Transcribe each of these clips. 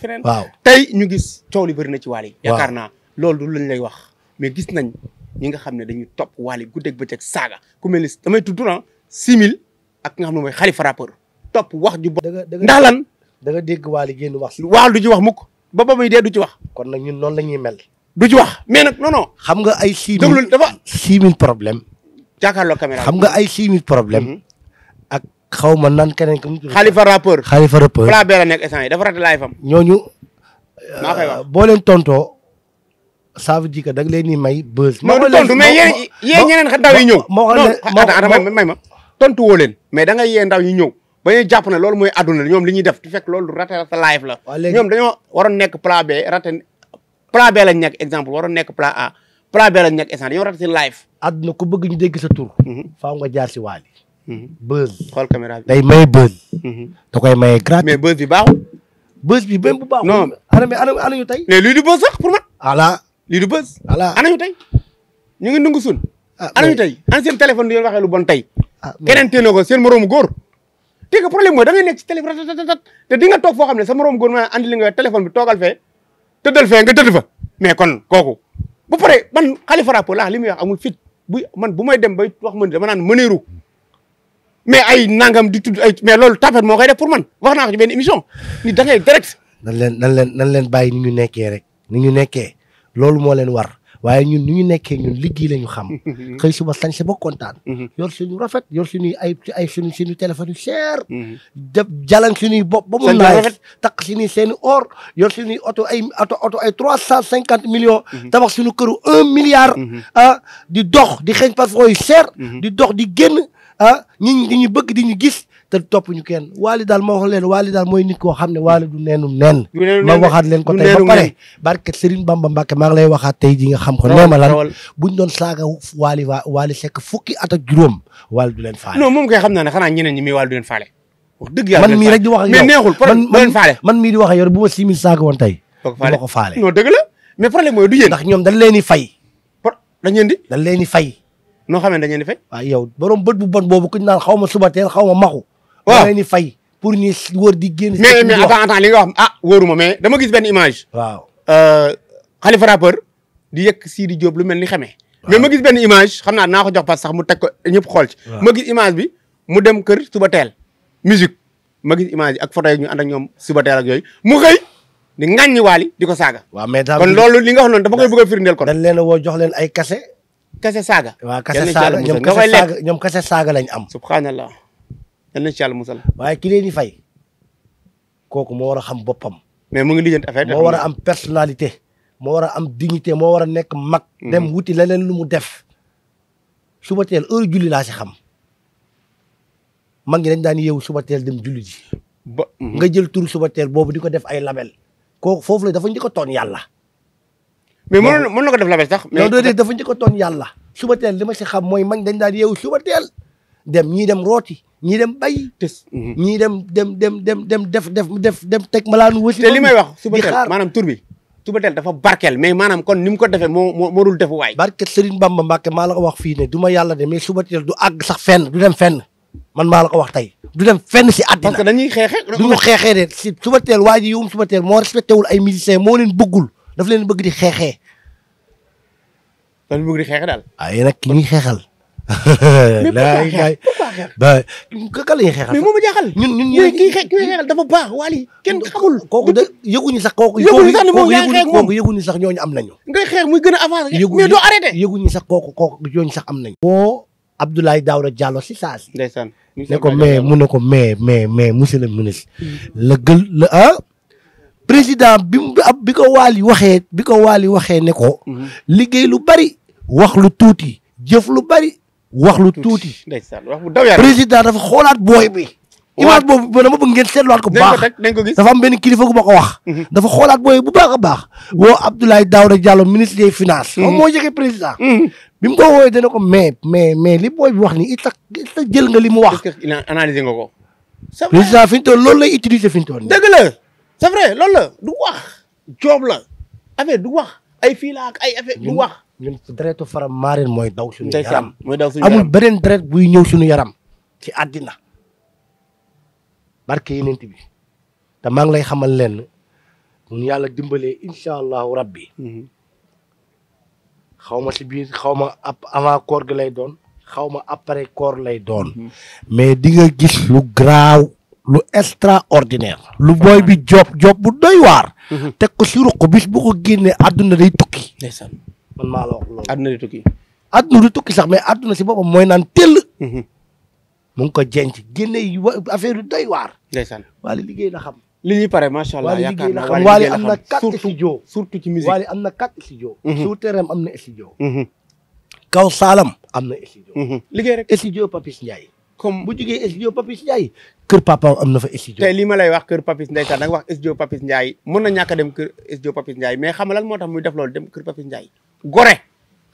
feneen waaw tey ñu gis coow li bëri na ci Wally yaakaar na loolu du lañ lay wax mais gis nañ ñi nga xam ne dañuy topp Wally guddeeg bëccëg saaga ku mel ni damay tudd turan ah ak nga xam ne mooy xalifa rappeur topp wax ju bo ndax lan da nga dégg Wally génn wax waal du ci wax mukk ba ba muy dee du ci wax kon nag ñun noonu la ñuy mel du ci wax mais nag non xam nga ay six mille dafa six mille problème jàkkaarloo caméra xam nga ay six mille problème mhm. ak xaw ma nan keneen. xalifa rappeur xalifa rappeur. Fla Bella nekk instant yi dafa raté laay fam. ñooñu. maa koy wax euh, boo leen tontoo. ça veut dire que da nga may buzz. maa ngi tontu mais yéen yéen ñeneen xa ndaw yi ñëw. moo ko leen may ma tontu woo leen. mais da nga yee ndaw yi ñëw. ba ñuy jàpp ne loolu mooy àdduna ñoom li ñuy def du fekk loolu raté raté live la. ñoom dañoo waroon nekk plan B raté plan B lañ nekk exemple waroon nekk pla A plan B lañ nekk instant dañoo raté seen live. àdduna ku bëgg ñu dégg sa tur. Mhm. faaw nga jaar si waali Mm-hmm. buzz xool caméra bi day may buzz. da koy maye gratuit. mais buzz bi baaxul. buzz bi même bu baaxul. non ana mais ana ana ñu tey. mais lii du buzz sax pour man. voilà lii du buzz. voilà ana ñu tey. ñu ngi nangu sun. ah ana ñu tey ana seen téléphone di waxee lu bon tey. ah keneen téye na ko seen moroomu góor. te que problème mooy da for nekk ci téléphone te di nga toog foo xam ne sa moroomu góor ma andi li nga téléphone bi toogal fee. tëddal fee nga tëdd fa mais kon kooku. bu paree man Khalifa Rapport laa li wax amul fit bu man bu may dem bay wax man dama naan mëneeru mais ay nangam di tudd ay mais loolu tapet moo koy def pour man wax naa ko benn émission ni da ngay direct. nan leen nan leen nan leen bàyyi ni ñu nekkee rek nu ñu nekkee loolu moo leen war waaye ñun nu ñu nekkee ñun liggéey la ñu xam. xëy suba sañ si ba kontaan. Mhm. yor suñu rafet yor suñuy ay ay suñu suñu téléphone yu cher. Mhm. def jalan suñuy bopp ba mu naay takk suñuy seen or yor suñuy oto ay oto oto ay trois cent cinquante millions. Mhm. tabax suñu këru un milliard. Ah, di dox di xeeñ parfum yu cher. di dox di génn. ah nit ñi dañu bëgg di ñu gis te top ñu kenn wali dal mo wax leen wali dal moy nit ko xam wali du nenu nen ma waxat leen ko tay ba pare barke Serigne Bamba Mbacke ma ngi lay waxat tay ji nga xam ko nee lan buñ doon saga wali wali waali fukki ata juroom wali du leen faale non mom kay xam naa xana ñeneen ñi mi wali du leen faale wax dëgg yàlla man mi rek di wax ak yow mais neexul problème leen faale man mi di wax ak yow bu ma six mille saaga woon tey ko faale non deug la mais problème moy du yeen ndax ñom dañ leen di fay dañ leen di dañ leen di fay noo xamee dañu leen di fay. waaw yow borom bët bu bon boobu ku ñu naan xaw ma suba teel xaw ma maxu. waaw da di fay pour ñu wër di génn. mais mais attends attends li nga wax ah, mais dama gis benn image. waaw euh, Khalifa rappeur di yëkk Sidi Diop lu mel ni xamee. mais ma gis benn image xam naa naa ko jox parce que mu teg ko ñëpp xool ci. ma image bi mu dem kër suba teel. musique ma gis image ak photo yi ñu ànd ak ñoom suba teel ak yooyu mu xëy. di ŋàññi waali di ko saaga. waaw mais kon lool li nga wax noonu dafa koy bëgg a firndeel kon. dañ leen woo jox leen ay kase kase saaga. waaw kase saaga ñoom kase saaga ñoom kase saaga lañ am. subhanallah yal nañ ci yàlla musal. waaye ki leen di fay kooku moo war a xam boppam. mais mu ngi lijjanti affaire moo war a am personnalité. moo war a am dignité moo war a nekk mag. Mm-hmm. dem wuti leneen lu mu def. suba teel heure julli laa si xam. mag ñi dañ daan yeewu suba teel dem julli ji. ba mm-hmm. nga jël tur suba teel boobu di ko def ay label. ko foofu la dafa ñu ko toon yàlla. mais mënoon mën na ko def labes sax. mais loolu dafa njëkk a toon yàlla. suba teel li ma si xam mooy mag dañ daan yeewu suba teel dem ñii dem rooti ñii dem bay tës. Mhm. ñii dem dem dem dem dem def def def dem teg malaanu wësi. te li may wax suba teel maanaam tur bi. suba teel dafa barkeel mais maanaam kon ni mu ko defee moo moo moo dul defu waay. barkeel Serigne Bamba Mbacke maa la ko wax fii ne du ma yàlla de mais suba teel du àgg sax fenn du dem fenn man maa la ko wax tey. du dem fenn si àddina parce que dañuy xeexee. du ñu xeexee de si suba teel waa ji yowum suba teel moo respecté wul ay miliciens moo leen bëggul daf leen bëgg di xeexee. dañu bëgg di xeexee daal. waaye ah, nag ki ñuy xeexal. laay laay mais kooku la ñun ñun kii kii xeexal dafa baax waa lii kenn xamul. kooku de yëguñu sax kooku. yëguñu sax ni moom yaa ngi xeex moom kooku yëguñu sax ñooñu am nañu. ngay xeex muy gën a avancé. mais doo arrêté sax kooku kooku ñooñu sax am nañu. boo Abdoulaye Daouda Diallo si saa si. ndeysaan ne ko mais mu ne ko mais mais mais monsieur le ministre. Hmm. la gël la ah. président bi mu bi ko Wally waxee bi ko Wally waxee ne ko. Mhm. liggéey lu bari wax lu tuuti jëf lu bari wax lu tuuti. ndeysaan wax bu daw yaram président dafa xoolaat booy bi. image boobu dama bëgg ngeen seetluwaat ko bu baax dafa am benn kilifa gu ma ko wax mhm. dafa xoolaat booy bu baax a baax mhm. woo Abdoulaye Daouda Diallo ministre des finances moom moo jege président bi mu ko woowee dana ko mais mais mais li booy wax ni it tax jël nga li mu wax analyser nga ko président fi ñu toll loolu lay utiliser fi ñu toll dëgg la c'est vrai loolu la du wax joob la affaire du wax ay fii la ay affaire du wax. ñun deretu faram maarin mooy daw suñu yaram mooy daw suñu yaram amul beneen deret buy ñëw suñu yaram ci àddina barke yenent bi te maa ngi lay xamal leen mun yàlla dimbalee incha allahu rabbi mhm. xaw ma si biir xaw ma avant koor gi lay doon xaw ma après koor lay doon mhm. mais di nga gis lu garaaw lu extraordinaire. lu booy bi job job bu doy waar. Mhm. teg ko si ruq bis bu ko génnee àdduna day tukki. ndeysaan man maa la wax loolu. àdduna day tukki. sax mais àdduna si boppam mooy naan tell. Mhm. mu ngi ko jenc génne yi wa affaire yu doy waar. ndeysaan waale liggéey la xam. li ñuy pare macha allah yaakaar naa waale liggéey la xam waale am na quatre studio. surtout ci musique waale Kaw Saalam am na studio. Mhm. liggéey rek Papis Ndiaye. comme bu jugee studio Papis Ndiaye kër papa am na fa studio tey lii ma lay wax kër papis ndeysaan da nga wax studio papis Ndiaye mën na ñàkk a dem kër studio papis Ndiaye mais xam lan moo tax muy def loolu dem kër papis Ndiaye gore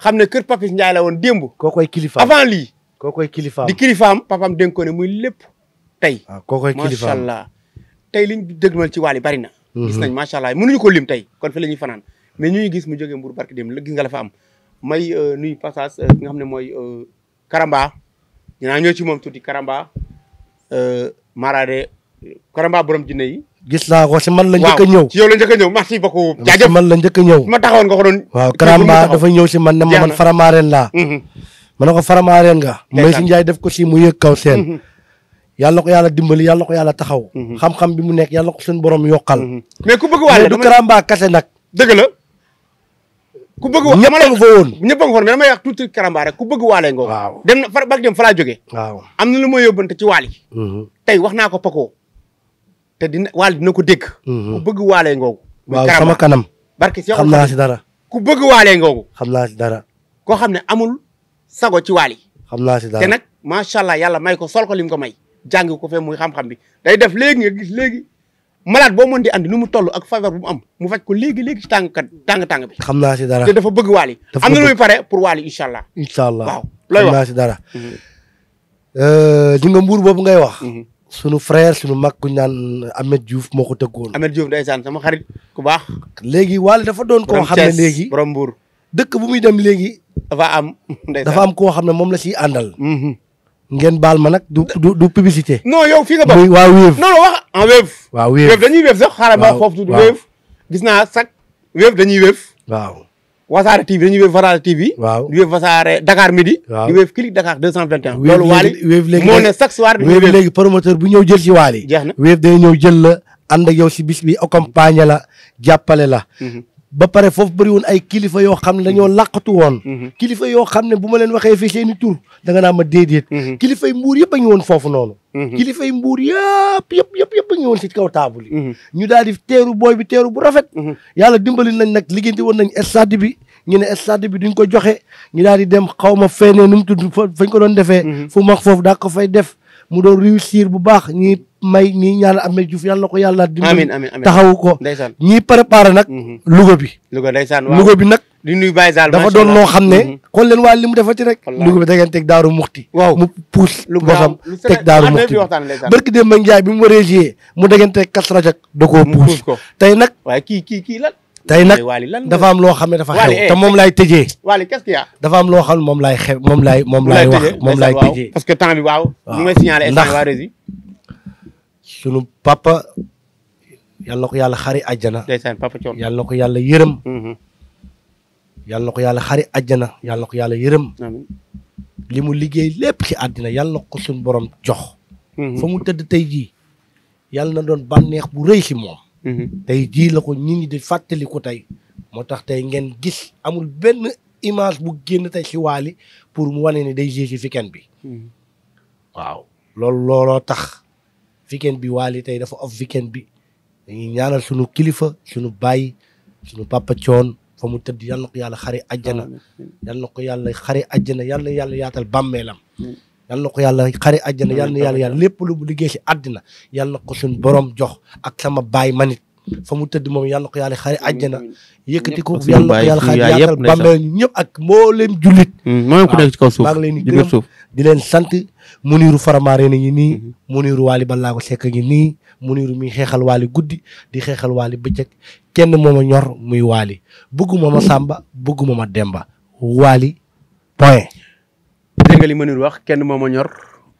xam ne kër papis Ndiaye la woon démb koo koy kilifaam avant lii koo koy kilifaam di kilifaam papaam dénk ko ne muy lépp tey ah, koo koy kilifaam macha allah tey liñ dëgmal ci wàll yi bari na mhm. gis nañ macha allah mënuñu ko lim tey kon fi la ñuy fanaan mais ñuy gis mu jógee Mbour barki dem la gis nga la fa am may euh, nuyu passage euh, ki nga xam ne mooy euh, Karamba dinaa ñëw ci moom tuuti Karamba Marade Karamba borom jinne yi. gis naa ko si man la njëkk ñëw ci yow la njëkk a ñëw merci beaucoup. jaajëf si man la njëkk a ñëw. ma taxawoon nga ko doon. waaw Karamba dafa si man ne ma man faramaareen laa. Mm-hmm. ma ne ko faramaareen nga. may si Njaay def ko si mu yëg kaw seen. Mm-hmm. yàlla ko yàlla dimbali yàlla ko yàlla taxaw. Mm-hmm. xam-xam bi mu nekk yàlla ko suñu borom yokkal. mais ku bëgg du Karamba kase nag. dëgg la. ku bëgg wa ñëpp a nga a nga fa woon mais damay wax tuuti karamba rek ku bëgg waale ngoo waaw dem na far bak dem fa laa jógee am na lu ma yóbbante ci waali mm-hmm. tey wax naa ko pakoo te dina waali dina ko dégg mm-hmm. ku bëgg waale ngoogu waaw sama kanam barke si xam naa si dara ku bëgg waale ngoogu xam naa si dara koo xam ne amul sago ci waali xam naa si dara nag macha allah yàlla may ko solko ko lim ko may jàng ko fee muy xam-xam bi day def léegi nga gis léegi malade bo mën di andi nu mu ak faveur bu mu am mu fajj ko legui legui ci tàng tàng tàng bi. xamna ci dara te dafa bëgg wali am na lu muy pour wali inshallah inshallah waaw xamna ci dara mhm. euh di nga mbuur boobu ngay wax. Mhm. sunu frère sunu mak ku ñaan Ahmed Diouf moko teggoon Ahmed Diouf ndaysan sama xarit ku baax. legui wali dafa doon ko xamne legui borom mbuur dekk bu muy dem legui dafa am dafa am ko xamne mom la ngeen baal ma nag du du du publicité. non yow fi nga bokk muy waa Wave. non non wax en Wave. waaw Wave dañuy Wave sax xaaral a foofu tuuti Wave. gis naa sax Wave dañuy Wave. waaw. wasaare TV dañuy Wave wasaare TV. waaw di Wave wasaare Dakar midi. waaw di Wave Click Dakar 221. loolu waali Wave léegi moo ne chaque ñëw jël ci waali. jeex na Wave day ñëw jël la ànd ak yow si bis bi accompagner la jàppale la. Mhm. ba pare foofu bëri woon ay kilifa yoo xam ne dañoo làqatu woon mhm. kilifa yoo xam ne bu ma leen waxee fii seeni tur da nga naa ma déedéet mhm. kilifa yi mbuur yëpp a ngi foofu noonu mhm. kilifa yi mbuur yëpp yëpp yëpp yëpp a ngi si kaw taabul yi ñu daal di teeru booy bi teeru bu rafet yàlla dimbali nañ nag liggéenti woon nañ stade bi ñu ne stade bi duñ ko joxe ñu daal di dem xaw ma feenee nu mu tudd fañ ko doon defee fu mag foofu daa ko fay def mu doon réussir bu baax ñi may ñi ñaan am na Diouf yàlla na ko yàlla dimbali taxawu ko ñi préparé nag mhm. Louga bi Louga bi nag di nuyu Baye Sall dafa doon loo xam ne xool mhm. leen waa li mu defati rek Louga bi da ngeen teg daaru muxti waaw mu puus bosam teg daaru muxti barki démb Ndiaye bi mu waree mu da ngeen teg kas rajak da koo puus tey nag waaye kii kii kii tey nag dafa am loo xam ne dafa xew moom laay tëjee. Wally qu'est-ce am loo xam moom laay xew moom laay moom laay wax moom laay tëjee. parce que temps bi waaw. waaw ndax sunu papa. yal na ko yàlla xari àjjana. ndeysaan papa yal na ko yàlla yërëm. Mm-hmm. yal na ko yàlla xari àjjana yal na ko yàlla yërëm. mu liggéey lépp ci àddina yal na ko suñu borom jox. Mm-hmm. fa mu tëdd tey jii yal na doon bànneex bu rëy ci moom. Mhm. tey jii la ko nit ñi di fàttaliku tey moo tax tey ngeen gis amul benn image bu génn tey si Wally pour mu wane ne day jouer si bi mhm. waaw loolu looloo tax weekend bi Wally tey dafa off weekend bi dañuy ñaanal suñu kilifa sunu bay sunu papa coon fa mu tëdd yal na ko yàlla xare ajjana yal na ko yàlla xare ajjana yàlla yàlla yaatal bàmmeelam yal ko yalla xari aljana yal yalla yalla lepp lu mu ci adina yalla yal ko sun borom jox ak sama bay manit fa mu tëdd moom yal ko yalla xari aljana yekati ko yal ko yalla xari yalla bambe ñep ak mboolem jullit mm, moo ko nek ci kaw suuf maa ngi leen di leen sante Muniru Faramare ni ngi nii mm-hmm. Muniru Waly Ballago Seck ni Muniru mi xexal wali guddi di xexal wali beccak kenn moma ñor muy wali bëgguma ma Samba bëgguma ma Demba Wali, point Sénégal yi mënul wax kenn moo ma ñor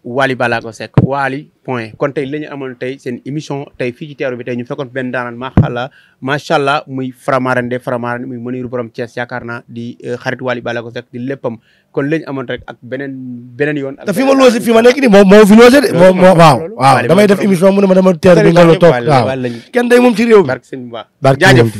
Wally Ballago Seck Wally point kon tey la ñu amoon tey seen émission tey fii ci teeru bi tey ñu fekkoon benn daanaan maxalla macha allah muy Faramarende Faramarende muy Mounirou borom Thiès yaakaar di euh, xarit Wally Ballago Seck di léppam kon la amoon rek beneen yoon. te fi ma loosee fi ma nekk nii moom moo fi loosee de. moo moo waaw waaw damay def émission mu ne ma dama teeru bi nga la toog waaw kenn day moom ci réew mi. barke sëñ Ba jaajëf